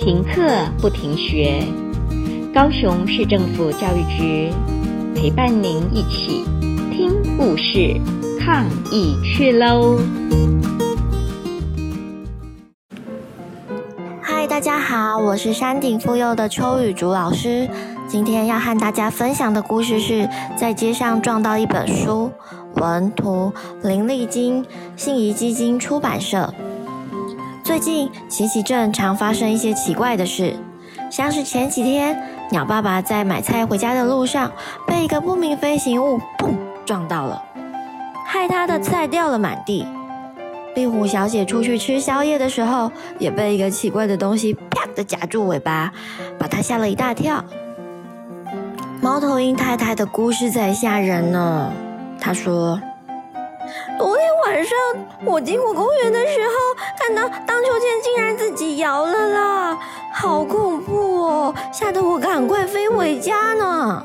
停課不停學，高雄市政府教育局陪伴您一起聽故事，抗疫去嘍！嗨，大家好，我是山頂附幼的邱楀築老師，今天要和大家分享的故事是在街上撞到一本書，文圖林立金信誼基金出版社。最近奇奇鎮常發生一些奇怪的事，像是前幾天鳥爸爸在買菜回家的路上被一個不明飛行物“砰”撞到了，害他的菜掉了滿地。壁虎小姐出去吃宵夜的時候也被一個奇怪的東西“啪”的夾住尾巴，把她嚇了一大跳。貓頭鷹太太的故事才嚇人呢，她說。昨天晚上我經過公園的時候，看到蕩秋千竟然自己搖了啦，好恐怖哦！嚇得我趕快飛回家呢。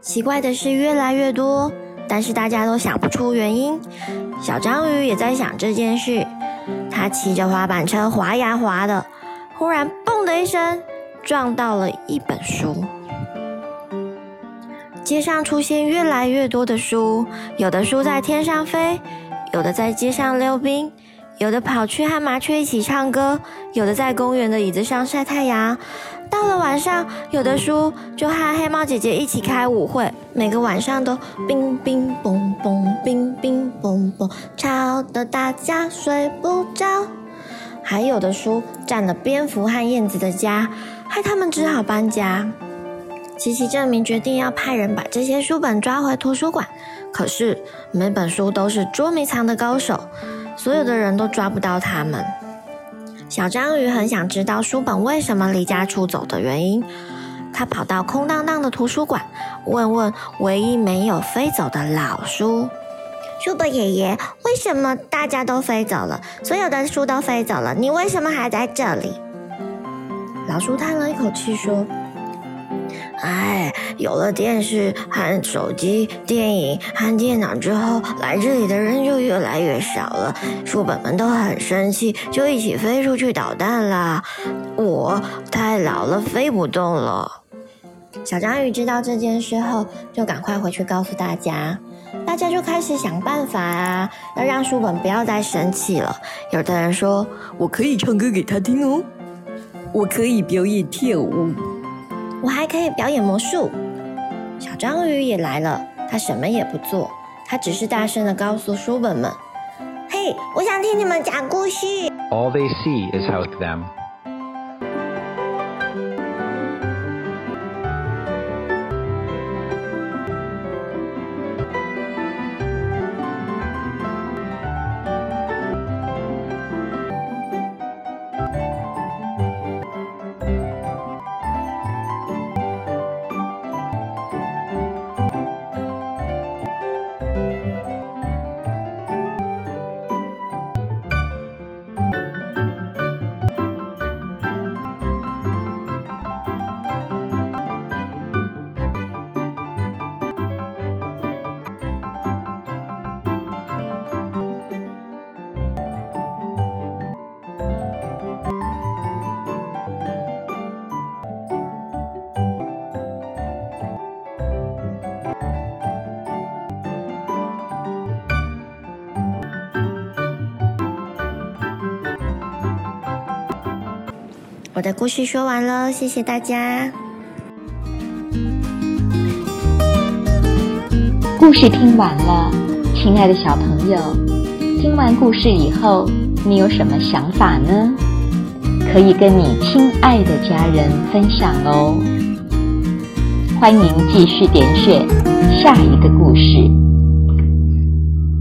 奇怪的事越來越多，但是大家都想不出原因。小章魚也在想這件事，他騎着滑板車滑呀滑的，忽然“嘣”的一聲，撞到了一本書。街上出現越來越多的書，有的書在天上飛，有的在街上溜冰，有的跑去和麻雀一起唱歌，有的在公園的椅子上曬太陽。到了晚上，有的書就和黑貓姐姐一起開舞會，每個晚上都乒乒嘣嘣，乒乒嘣嘣，吵得大家睡不着。還有的書占了蝙蝠和燕子的家，害他們只好搬家。奇奇鎮民決定要派人把這些書本抓回圖書館，可是每本書都是捉迷藏的高手，所有的人都抓不到他們。小章魚很想知道書本為什麼離家出走的原因，他跑到空蕩蕩的圖書館，問問唯一沒有飛走的老書：“書本爺爺，為什麼大家都飛走了？所有的書都飛走了，你為什麼還在這裡？”老書嘆了一口氣說。哎，有了電視和手機、電影和電腦之後，來這裡的人就越來越少了。書本們都很生氣，就一起飛出去搗蛋啦。我太老了，飛不動了。小章魚知道這件事後，就趕快回去告訴大家。大家就開始想辦法啊，要讓書本不要再生氣了。有的人說，我可以唱歌給他聽哦，我可以表演跳舞。我還可以表演魔術。小章魚也來了，它什麼也不做，它只是大聲地告訴書本們：“嘿，我想聽你們講故事。”我的故事說完嘍，謝謝大家。故事聽完了，親愛的小朋友，聽完故事以後，你有什麼想法呢？可以跟你親愛的家人分享哦。歡迎繼續點選下一個故事。